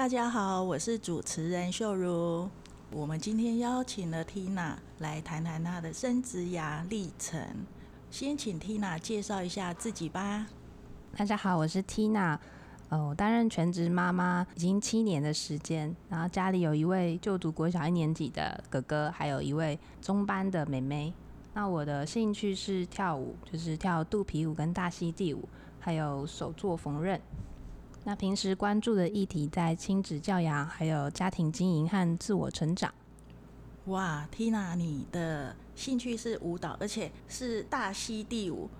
大家好，我是主持人秀如，我們今天邀請了 Tina 來談談她的生職涯歷程。先請 Tina 介紹一下自己吧。大家好，我是 Tina。呃，我擔任全職媽媽已經七年的時間，然後家裡有一位就讀國小一年級的哥哥，還有一位中班的妹妹。那我的興趣是跳舞，就是跳肚皮舞跟大溪地舞，還有手作縫紉。那平時關注的議題在親子教養，還有家庭經營和自我成長。哇，Tina，你的興趣是舞蹈，而且是大溪地舞，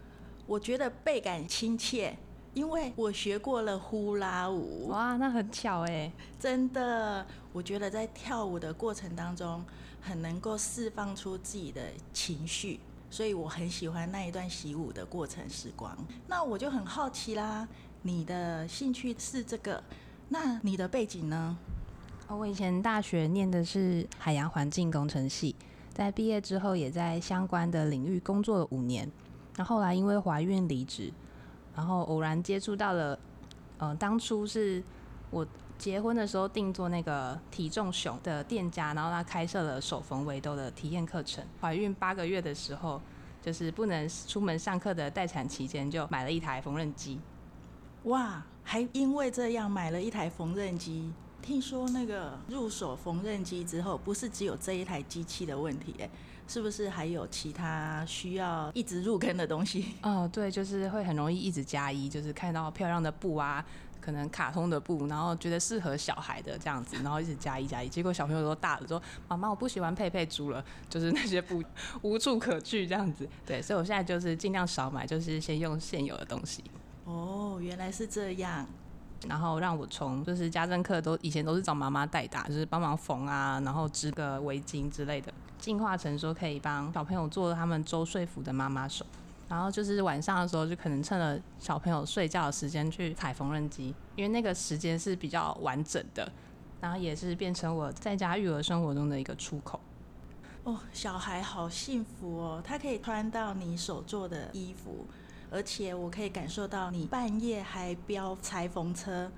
我覺得倍感親切，因為我學過了呼啦舞。哇，那很巧哎、欸！真的，我覺得在跳舞的過程當中，很能夠釋放出自己的情緒，所以我很喜歡那一段習舞的過程時光。那我就很好奇啦。你的興趣是這個，那你的背景呢？哦，我以前大學念的是海洋環境工程系，在畢業之後也在相關的領域工作了五年，然後後來因為懷孕離職，然後偶然接觸到了，呃，當初是我結婚的時候定做那個體重熊的店家，然後他開設了手縫圍兜的體驗課程。懷孕八個月的時候，就是不能出門上課的待產期間，就買了一台縫紉機。哇，還因為這樣買了一台縫紉機。聽說那個入手縫紉機之後，不是只有這一台機器的問題，欸，是不是還有其他需要一直入坑的東西？哦，呃，對，就是會很容易一直加一，就是看到漂亮的布啊，可能卡通的布，然後覺得適合小孩的這樣子，然後一直加一加一，結果小朋友都大了，說媽媽我不喜歡佩佩豬了，就是那些布無處可去這樣子。對，所以我現在就是盡量少買，就是先用現有的東西。哦，原來是這樣。然後讓我從就是家政課都以前都是找媽媽代打，就是幫忙縫啊，然後織個圍巾之類的，進化成說可以幫小朋友做他們週歲服的媽媽手。然後就是晚上的時候，就可能趁着小朋友睡覺的時間去踩縫紉機，因為那個時間是比較完整的。然後也是變成我在家育兒生活中的一個出口。哦，小孩好幸福哦，他可以穿到你手做的衣服。而且我可以感受到你半夜還飆裁縫車，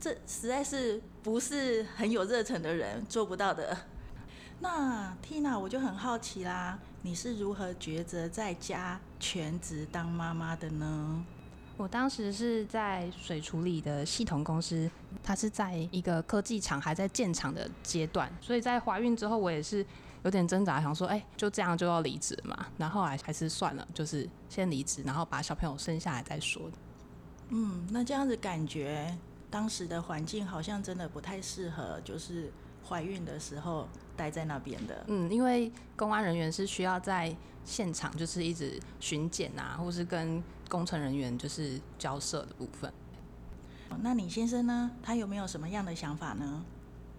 這實在是不是很有熱忱的人做不到的。那 Tina，我就很好奇啦，你是如何抉擇在家全職當媽媽的呢？我當時是在水處理的系統公司，它是在一個科技廠還在建廠的階段，所以在懷孕之後，我也是。有點掙扎，想說：“哎、欸，就這樣就要離職嘛？”然後來還是算了，就是先離職，然後把小朋友生下來再說。嗯，那這樣子感覺當時的環境好像真的不太適合，就是懷孕的時候待在那邊的。嗯，因為公安人員是需要在現場，就是一直巡檢啊，或是跟工程人員就是交涉的部分。那你先生呢？他有沒有什麼樣的想法呢？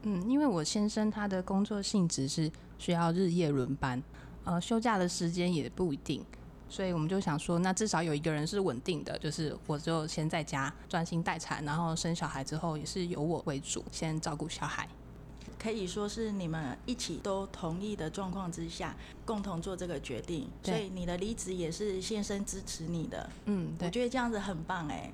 嗯，因為我先生他的工作性質是。需要日夜輪班，呃，休假的時間也不一定，所以我們就想說，那至少有一個人是穩定的，就是我就先在家專心待產，然後生小孩之後也是由我為主先照顧小孩，可以說是你們一起都同意的狀況之下，共同做這個決定，對所以你的離職也是先生支持你的，嗯，對，我覺得這樣子很棒，哎、欸。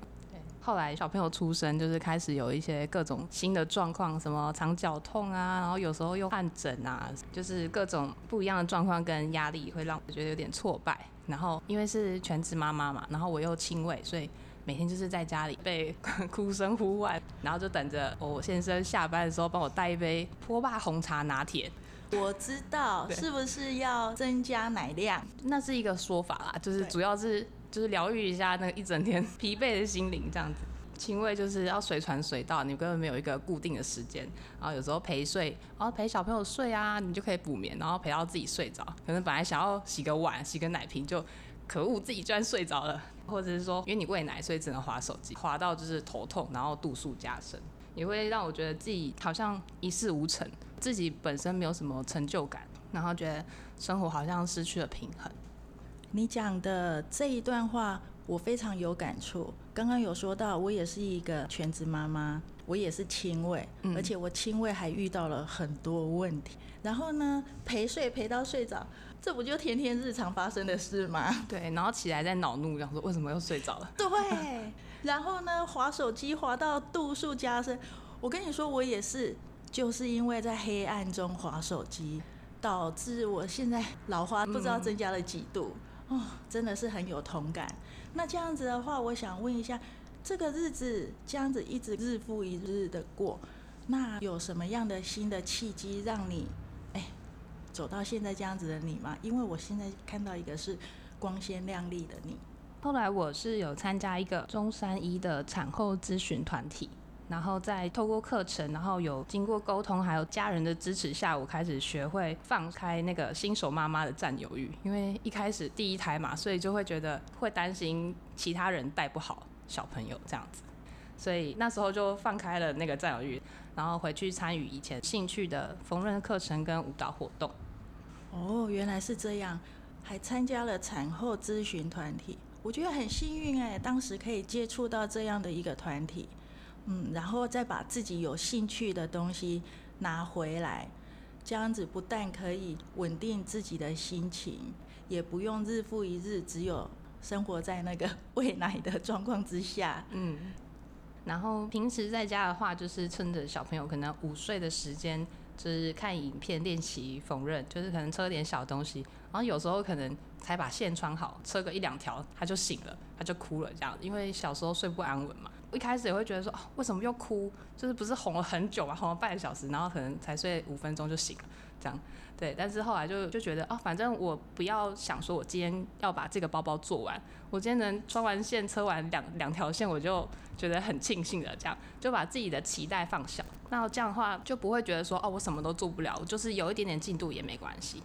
後來小朋友出生，就是開始有一些各種新的狀況，什麼腸絞痛啊，然後有時候又汗疹啊，就是各種不一樣的狀況跟壓力，會讓我覺得有點挫敗。然後因為是全職媽媽嘛，然後我又親餵，所以每天就是在家裡被哭聲呼喚，然後就等着我先生下班的時候幫我帶一杯波霸紅茶拿鐵。我知道，是不是要增加奶量？對 那是一個說法啦，就是主要是。就是療癒一下那個一整天疲憊的心靈，這樣子。親餵就是要隨傳隨到，你根本沒有一個固定的時間，然後有時候陪睡，然後陪小朋友睡啊，你就可以補眠，然後陪到自己睡着。可能本來想要洗個碗、洗個奶瓶，就可惡，自己居然睡着了。或者是說，因為你餵奶，所以只能滑手機，滑到就是頭痛，然後度數加深。也會讓我覺得自己好像一事無成，自己本身沒有什麼成就感，然後覺得生活好像失去了平衡。你講的這一段話，我非常有感觸。剛剛有說到，我也是一個全職媽媽，我也是親餵，嗯、而且我親餵還遇到了很多問題。然後呢，陪睡陪到睡着，這不就天天日常發生的事嗎？對，然後起來在惱怒，想說為什麼又睡着了？對。然後呢，滑手機滑到度數加深，我跟你說，我也是，就是因為在黑暗中滑手機，導致我現在老花不知道增加了幾度。嗯哦，真的是很有同感。那這樣子的話，我想問一下，這個日子這樣子一直日復一日的過，那有什麼樣的新的契機讓你，哎、欸，走到現在這樣子的你嗎？因為我現在看到一個是光鮮亮麗的你。後來我是有參加一個中山醫的產後諮詢團體。然後在透過課程，然後有經過溝通，還有家人的支持下，我開始學會放開那個新手媽媽的佔有欲。因為一開始第一胎嘛，所以就會覺得會擔心其他人帶不好小朋友這樣子，所以那時候就放開了那個佔有欲，然後回去參與以前興趣的縫紉課程跟舞蹈活動。哦，原來是這樣，還參加了產後諮詢團體，我覺得很幸運哎、欸，當時可以接觸到這樣的一個團體。嗯，然後再把自己有興趣的東西拿回來，這樣子不但可以穩定自己的心情，也不用日復一日只有生活在那個餵奶的狀況之下。嗯，然後平時在家的話，就是趁着小朋友可能午睡的時間，就是看影片練習縫紉，就是可能車點小東西，然後有時候可能才把線穿好，車個一兩條，他就醒了，他就哭了，這樣，因為小時候睡不安穩嘛。一開始也會覺得說，哦，為什麼又哭？就是不是哄了很久嘛，哄了半小時，然後可能才睡五分鐘就醒了，這樣，對。但是後來就就覺得，哦，反正我不要想說我今天要把這個包包做完，我今天能穿完線、車完兩兩條線，我就覺得很慶幸的。這樣就把自己的期待放小，那這樣的話就不會覺得說，哦，我什麼都做不了，就是有一點點進度也沒關係。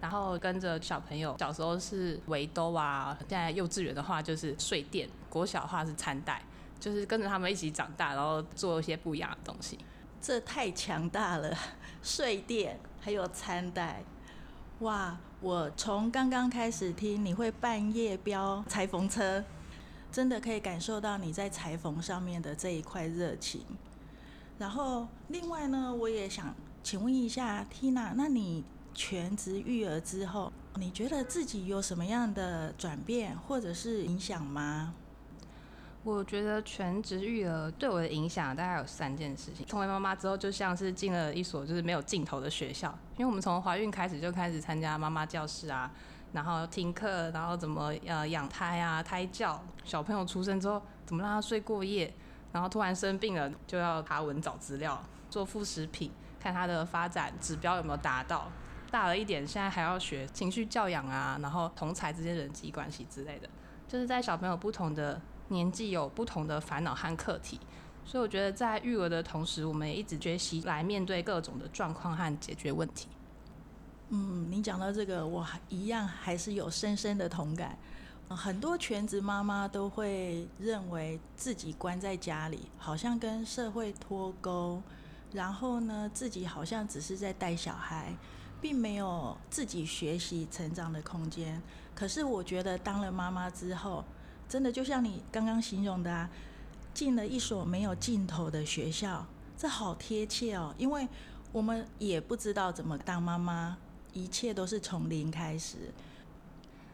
然後跟着小朋友，小時候是圍兜啊，現在幼稚園的話就是睡墊，國小的話是餐袋。就是跟着他們一起長大，然後做一些不一樣的東西。這太強大了！睡墊還有餐袋，哇！我從剛剛開始聽你會半夜飆裁縫車，真的可以感受到你在裁縫上面的這一塊熱情。然後另外呢，我也想請問一下 Tina，那你全職育兒之後，你覺得自己有什麼樣的轉變或者是影響嗎？我覺得全職育兒對我的影響大概有三件事情。成為媽媽之後，就像是進了一所就是沒有盡頭的學校，因為我們從懷孕開始就開始參加媽媽教室啊，然後聽課，然後怎麼呃養胎啊、胎教，小朋友出生之後怎麼讓他睡過夜，然後突然生病了就要爬文找資料、做副食品，看他的發展指標有沒有達到。大了一點，現在還要學情緒教養啊，然後同儕之間人際關係之類的，就是在小朋友不同的。年紀有不同的煩惱和課題，所以我覺得在育兒的同時，我們也一直學習來面對各種的狀況和解決問題。嗯，你講到這個，我一樣還是有深深的同感。很多全職媽媽都會認為自己關在家裡，好像跟社會脫鈎，然後呢，自己好像只是在帶小孩，並沒有自己學習成長的空間。可是我覺得當了媽媽之後，真的就像你剛剛形容的啊，進了一所沒有盡頭的學校，這好貼切哦。因為我們也不知道怎麼當媽媽，一切都是從零開始。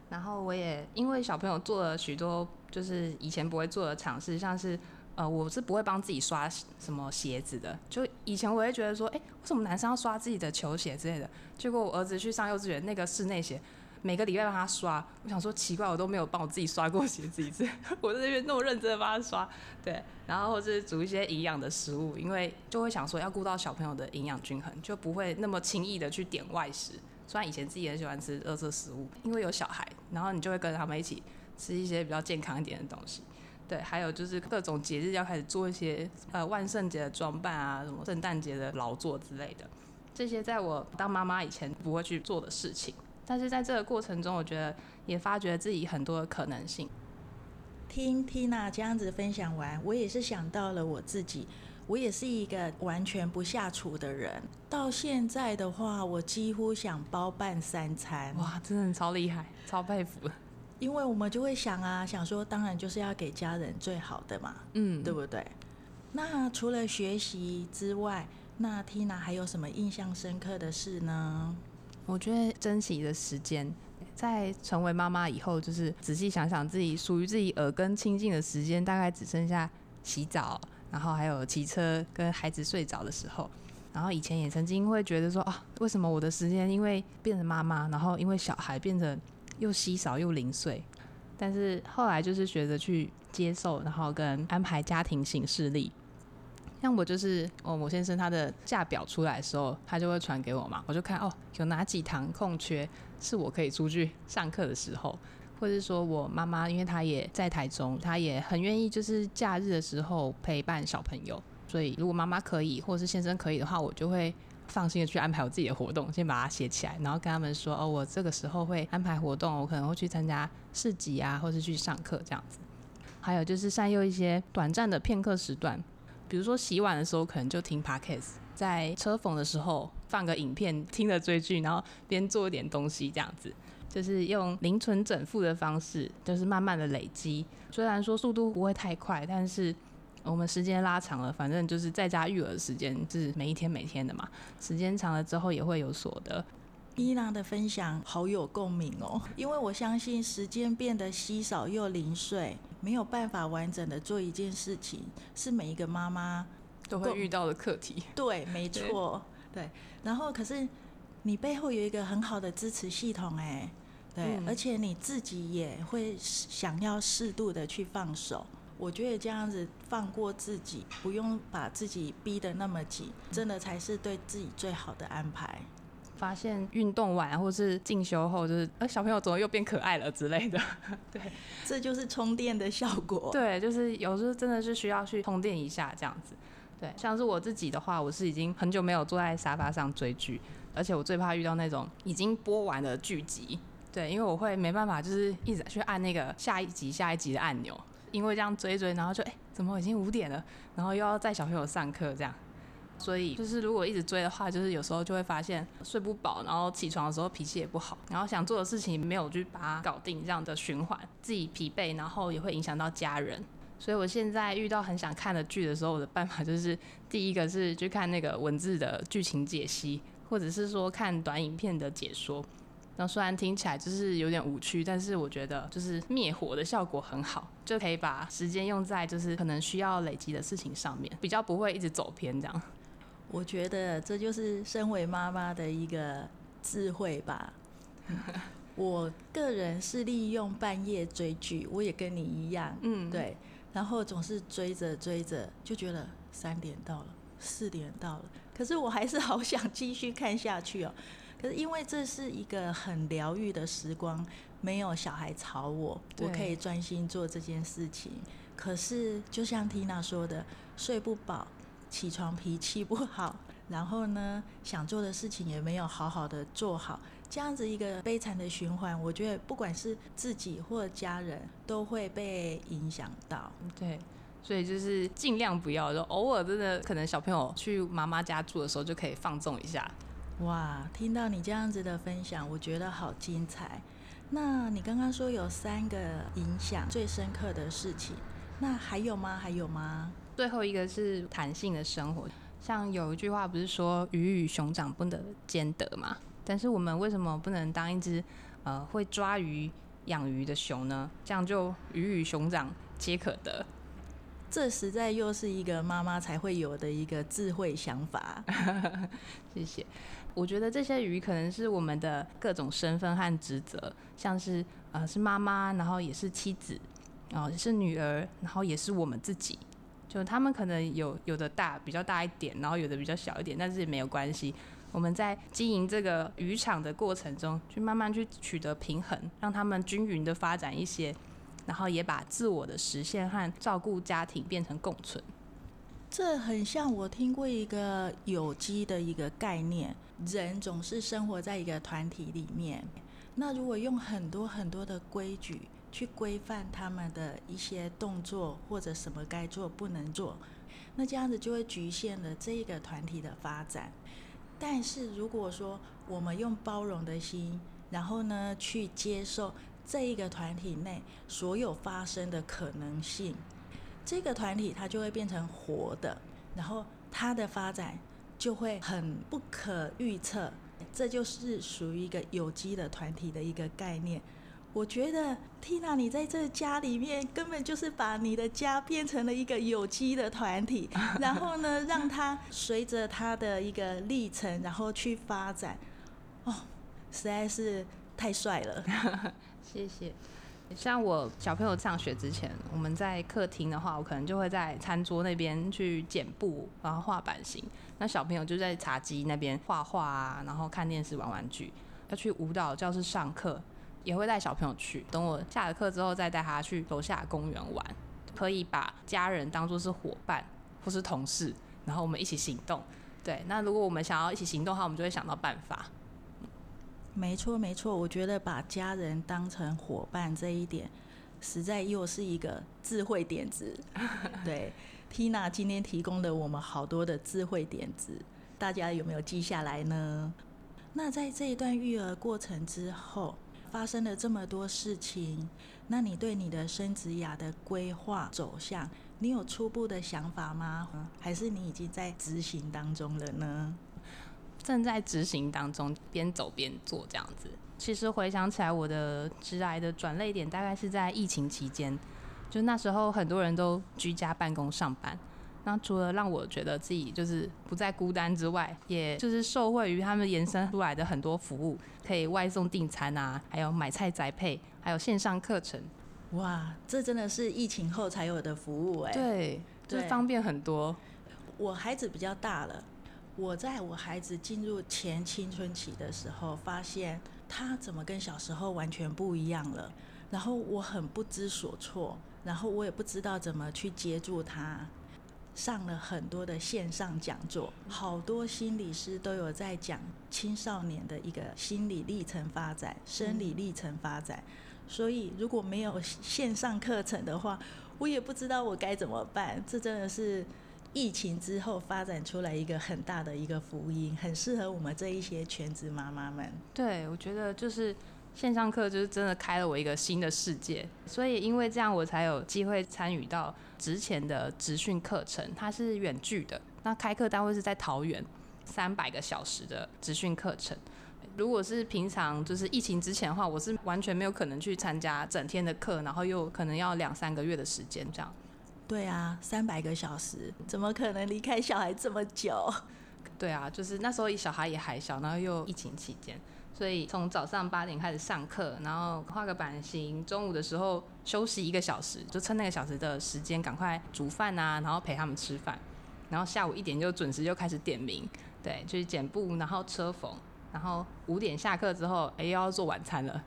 然後我也因為小朋友做了許多，就是以前不會做的嘗試，像是呃，我是不會幫自己刷什麼鞋子的。就以前我也覺得說，哎，為什麼男生要刷自己的球鞋之類的？結果我兒子去上幼稚園，那個室內鞋。每個禮拜幫他刷，我想說奇怪，我都沒有幫我自己刷過鞋子一次。 我在那邊那麼認真的幫他刷，對，然後或是煮一些營養的食物，因為就會想說要顧到小朋友的營養均衡，就不會那麼輕易的去點外食。雖然以前自己很喜歡吃垃圾食物，因為有小孩，然後你就會跟他們一起吃一些比較健康一點的東西。對，還有就是各種節日要開始做一些呃萬聖節的裝扮啊，什麼聖誕節的勞作之類的，這些在我當媽媽以前不會去做的事情。但是在這個過程中，我覺得也發覺自己很多的可能性。聽 Tina 這樣子分享完，我也是想到了我自己，我也是一個完全不下廚的人，到現在的話，我幾乎想包辦三餐。哇，真的超厲害，超佩服！因為我們就會想啊，想說當然就是要給家人最好的嘛，嗯，對不對？那除了學習之外，那 Tina 還有什麼印象深刻的事呢？我覺得珍惜的時間，在成為媽媽以後，就是仔細想想自己屬於自己耳根清淨的時間，大概只剩下洗澡，然後還有騎車跟孩子睡着的時候。然後以前也曾經會覺得說啊，為什麼我的時間因為變成媽媽，然後因為小孩變得又稀少又零碎。但是後來就是學着去接受，然後跟安排家庭行事曆。像我就是哦，我先生他的假表出來的時候，他就會傳給我嘛，我就看哦，有哪幾堂空缺是我可以出去上課的時候，或者說我媽媽，因為她也在台中，她也很願意，就是假日的時候陪伴小朋友。所以如果媽媽可以，或者是先生可以的話，我就會放心的去安排我自己的活動，先把它寫起來，然後跟他們說哦，我這個時候會安排活動，我可能會去參加市集啊，或是去上課這樣子。還有就是善用一些短暫的片刻時段。比如說洗碗的時候可能就聽 Podcast 在車縫的時候放個影片，聽着追劇，然後邊做一點東西這樣子，就是用零存整付的方式，就是慢慢的累積。雖然說速度不會太快，但是我們時間拉長了，反正就是在家育兒的時間是每一天每天的嘛，時間長了之後也會有所得。伊朗的分享好有共鳴哦、喔，因為我相信時間變得稀少又零碎，沒有辦法完整的做一件事情，是每一個媽媽都會遇到的課題。對對。對，沒錯，對。然後可是你背後有一個很好的支持系統、欸，哎，對，嗯、而且你自己也會想要適度的去放手。我覺得這樣子放過自己，不用把自己逼得那麼緊，真的才是對自己最好的安排。發現運動完或是進修後，就是呃、啊、小朋友怎麼又變可愛了之類的。對，這就是充電的效果。對，就是有時候真的是需要去充電一下這樣子。對，像是我自己的話，我是已經很久沒有坐在沙發上追劇，而且我最怕遇到那種已經播完的劇集。對，因為我會沒辦法就是一直去按那個下一集下一集的按鈕，因為這樣追追，然後就哎、欸、怎麼已經五點了，然後又要載小朋友上課這樣。所以就是如果一直追的話，就是有時候就會發現睡不飽，然後起床的時候脾氣也不好，然後想做的事情沒有去把它搞定，這樣的循環，自己疲憊，然後也會影響到家人。所以我現在遇到很想看的劇的時候，我的辦法就是第一個是去看那個文字的劇情解析，或者是說看短影片的解說。那雖然聽起來就是有點無趣，但是我覺得就是滅火的效果很好，就可以把時間用在就是可能需要累積的事情上面，比較不會一直走偏這樣。我覺得這就是身為媽媽的一個智慧吧，嗯。 我個人是利用半夜追劇，我也跟你一樣，嗯，對。然後總是追着追着，就覺得三點到了，四點到了，可是我還是好想繼續看下去哦。可是因為這是一個很療癒的時光，沒有小孩吵我，對我可以專心做這件事情。可是就像 Tina 說的，睡不飽。起床脾氣不好，然後呢，想做的事情也沒有好好的做好，這樣子一個悲慘的循環，我覺得不管是自己或家人，都會被影響到。對，所以就是盡量不要，就偶爾真的可能小朋友去媽媽家住的時候，就可以放縱一下。哇，聽到你這樣子的分享，我覺得好精彩。那你剛剛說有三個影響最深刻的事情，那還有嗎？還有嗎？最後一個是彈性的生活，像有一句話不是說魚與熊掌不能兼得嘛？但是我們為什麼不能當一只呃會抓魚養魚的熊呢？這樣就魚與熊掌皆可得。這實在又是一個媽媽才會有的一個智慧想法。 謝謝。我覺得這些魚可能是我們的各種身份和職責，像是呃是媽媽，然後也是妻子，然後也是女兒，然後也是我們自己。他們可能有有的大比較大一點，然後有的比較小一點，但是也沒有關係。我們在經營這個漁場的過程中，去慢慢去取得平衡，讓他們均匀的發展一些，然後也把自我的實現和照顧家庭變成共存。這很像我聽過一個有機的一個概念，人總是生活在一個團體裡面。那如果用很多很多的規矩，去規範他們的一些動作或者什麼該做不能做，那這樣子就會局限了這一個團體的發展。但是如果說我們用包容的心，然後呢，去接受這一個團體內所有發生的可能性，這個團體它就會變成活的，然後它的發展就會很不可預測。這就是屬於一個有機的團體的一個概念。我覺得 Tina，你在這家裡面根本就是把你的家變成了一個有機的團體，然後呢， 讓它隨着它的一個歷程，然後去發展，哦，實在是太帥了。謝謝。像我小朋友上學之前，我們在客廳的話，我可能就會在餐桌那邊去剪布，然後畫版型。那小朋友就在茶几那邊畫畫啊，然後看電視、玩玩具。要去舞蹈教室上課。也會帶小朋友去。等我下了課之後，再帶他去樓下公園玩。可以把家人當做是夥伴或是同事，然後我們一起行動。對，那如果我們想要一起行動的話，我們就會想到辦法。沒錯，沒錯。我覺得把家人當成夥伴這一點，實在又是一個智慧點子。 對，Tina 今天提供了我們好多的智慧點子，大家有沒有記下來呢？那在這一段育兒過程之後，發生了這麼多事情，那你對你的生涯的規劃走向，你有初步的想法嗎？還是你已經在執行當中了呢？正在執行當中，邊走邊做這樣子。其實回想起來，我的職涯的轉捩點大概是在疫情期間，就那時候很多人都居家辦公上班。那除了讓我覺得自己就是不再孤單之外，也就是受惠於他們延伸出來的很多服務，可以外送訂餐啊，還有買菜宅配，還有線上課程。哇，這真的是疫情後才有的服務哎！對，就是方便很多。我孩子比較大了，我在我孩子進入前青春期的時候，發現他怎麼跟小時候完全不一樣了，然後我很不知所措，然後我也不知道怎麼去接住他。上了很多的線上講座，好多心理師都有在講青少年的一個心理歷程發展、生理歷程發展。所以如果沒有線上課程的話，我也不知道我該怎麼辦。這真的是疫情之後發展出來一個很大的一個福音，很適合我們這一些全職媽媽們。對，我覺得就是。線上課就是真的開了我一個新的世界，所以因為這樣我才有機會參與到之前的職訓課程，它是遠距的，那開課單位是在桃園，三百個小時的職訓課程。如果是平常就是疫情之前的話，我是完全沒有可能去參加整天的課，然後又可能要兩三個月的時間這樣。對啊，三百個小時，怎麼可能離開小孩這麼久？對啊，就是那時候小孩也還小，然後又疫情期間。所以從早上八點開始上課，然後畫個版型，中午的時候休息一個小時，就趁那個小時的時間趕快煮飯啊，然後陪他們吃飯，然後下午一點就準時就開始點名，對，就是剪布，然後車縫，然後五點下課之後，哎、欸，又要做晚餐了。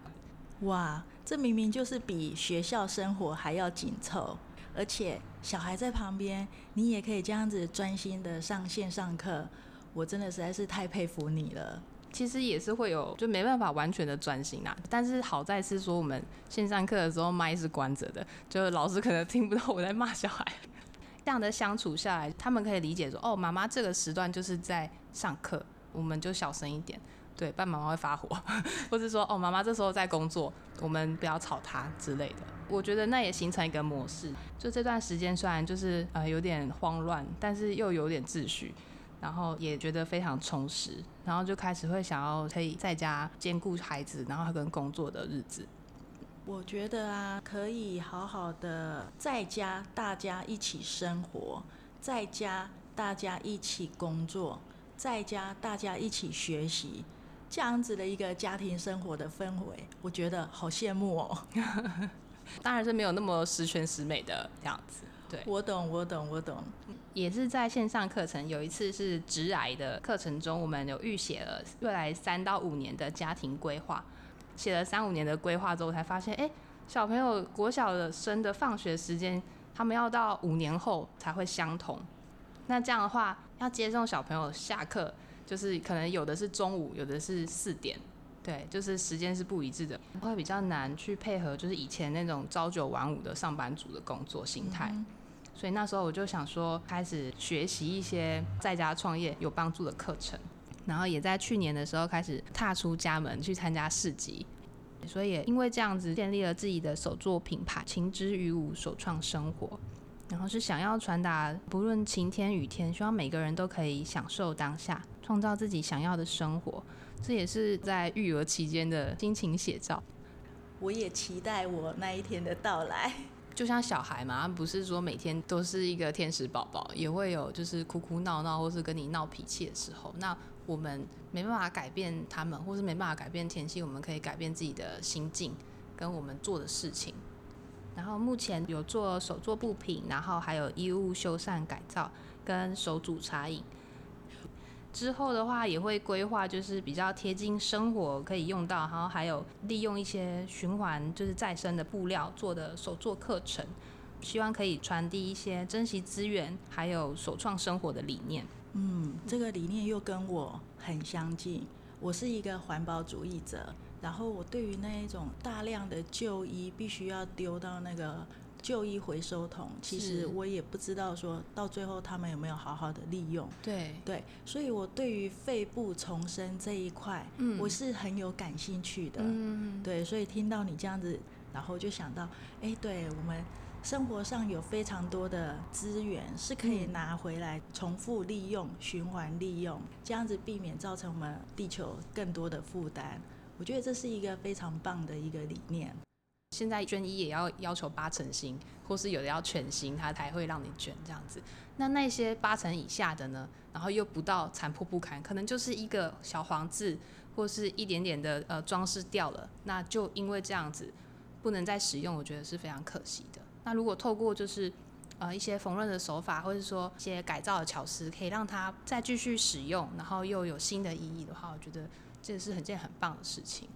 哇，這明明就是比學校生活還要緊湊，而且小孩在旁邊，你也可以這樣子專心的上線上課，我真的實在是太佩服你了。其實也是會有，就沒辦法完全的專心啦。但是好在是說，我們線上課的時候麥是關着的，就老師可能聽不到我在罵小孩。 這樣的相處下來，他們可以理解說，哦，媽媽這個時段就是在上課，我們就小聲一點，對，不然媽媽會發火， 或是說，哦，媽媽這時候在工作，我們不要吵她之類的。我覺得那也形成一個模式，就這段時間雖然就是呃有點慌亂，但是又有點秩序。然後也覺得非常充實，然後就開始會想要可以在家兼顧孩子，然後跟工作的日子。我覺得啊，可以好好的在家大家一起生活，在家大家一起工作，在家大家一起學習，這樣子的一個家庭生活的氛圍，我覺得好羨慕哦。 當然是沒有那麼十全十美的樣子。對，我懂我懂我懂，我懂我懂，也是在線上課程，有一次是職涯的課程中，我們有預寫了未來三到五年的家庭規劃，寫了三五年的規劃之後，才發現，哎、欸，小朋友國小的生的放學時間，他們要到五年後才會相同，那這樣的話，要接送小朋友下課，就是可能有的是中午，有的是四點，對，就是時間是不一致的，會比較難去配合，就是以前那種朝九晚五的上班族的工作心態。嗯嗯所以那時候我就想說，開始學習一些在家創業有幫助的課程，然後也在去年的時候開始踏出家門去參加市集，所以也因為這樣子建立了自己的手作品牌“晴織雨舞”手創生活，然後是想要傳達不論晴天雨天，希望每個人都可以享受當下，創造自己想要的生活，這也是在育兒期間的心情寫照。我也期待我那一天的到來。就像小孩嘛，不是說每天都是一個天使寶寶，也會有就是哭哭鬧鬧，或是跟你鬧脾氣的時候。那我們沒辦法改變他們，或是沒辦法改變天氣，我們可以改變自己的心境，跟我們做的事情。然後目前有做手作布品，然後還有衣物修繕改造，跟手煮茶飲。之後的話也會規劃，就是比較貼近生活可以用到，然後還有利用一些循環就是再生的布料做的手作課程，希望可以傳遞一些珍惜資源還有手創生活的理念。嗯，這個理念又跟我很相近。我是一個環保主義者，然後我對於那一種大量的舊衣必須要丟到那個。就醫回收桶。其實我也不知道說到最後他們有沒有好好的利用。對對，所以我對於肺部重生這一塊，嗯，我是很有感興趣的。嗯對，所以聽到你這樣子，然後就想到，哎，對，我們生活上有非常多的資源是可以拿回來重複利用、循環利用，這樣子避免造成我們地球更多的負擔。我覺得這是一個非常棒的一個理念。現在捐衣也要要求八成新，或是有的要全新，它才會讓你捐這樣子。那那些八成以下的呢？然後又不到殘破不堪，可能就是一個小黃漬，或是一點點的呃裝飾掉了，那就因為這樣子不能再使用，我覺得是非常可惜的。那如果透過就是呃一些縫紉的手法，或是說一些改造的巧思，可以讓它再繼續使用，然後又有新的意義的話，我覺得這是很件很棒的事情。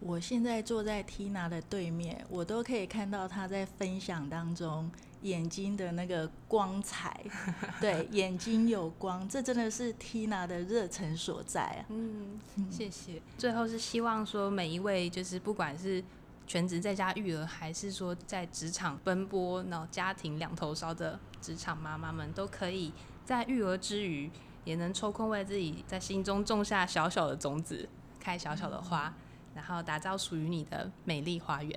我現在坐在 Tina 的對面，我都可以看到她在分享當中眼睛的那個光彩， 對，眼睛有光，這真的是 Tina 的熱忱所在啊。嗯，謝謝。嗯，最後是希望說每一位，就是不管是全職在家育兒，還是說在職場奔波，然後家庭兩頭燒的職場媽媽們，都可以在育兒之餘，也能抽空為自己在心中種下小小的種子，開小小的花。嗯然後打造屬於你的美麗花園，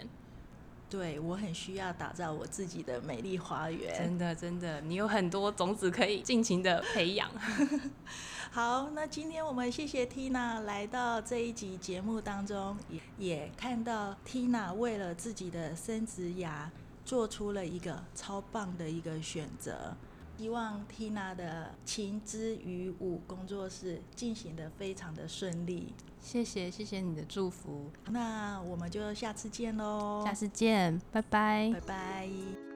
對，我很需要打造我自己的美麗花園。真的，真的，你有很多種子可以盡情的培養。 好，那今天我們謝謝 Tina 來到這一集節目當中，也，也看到 Tina 為了自己的生殖牙做出了一個超棒的一個選擇。希望 Tina 的晴織雨舞工作室進行得非常的順利。謝謝，謝謝你的祝福。那我們就下次見嘍！下次見，拜拜，拜拜。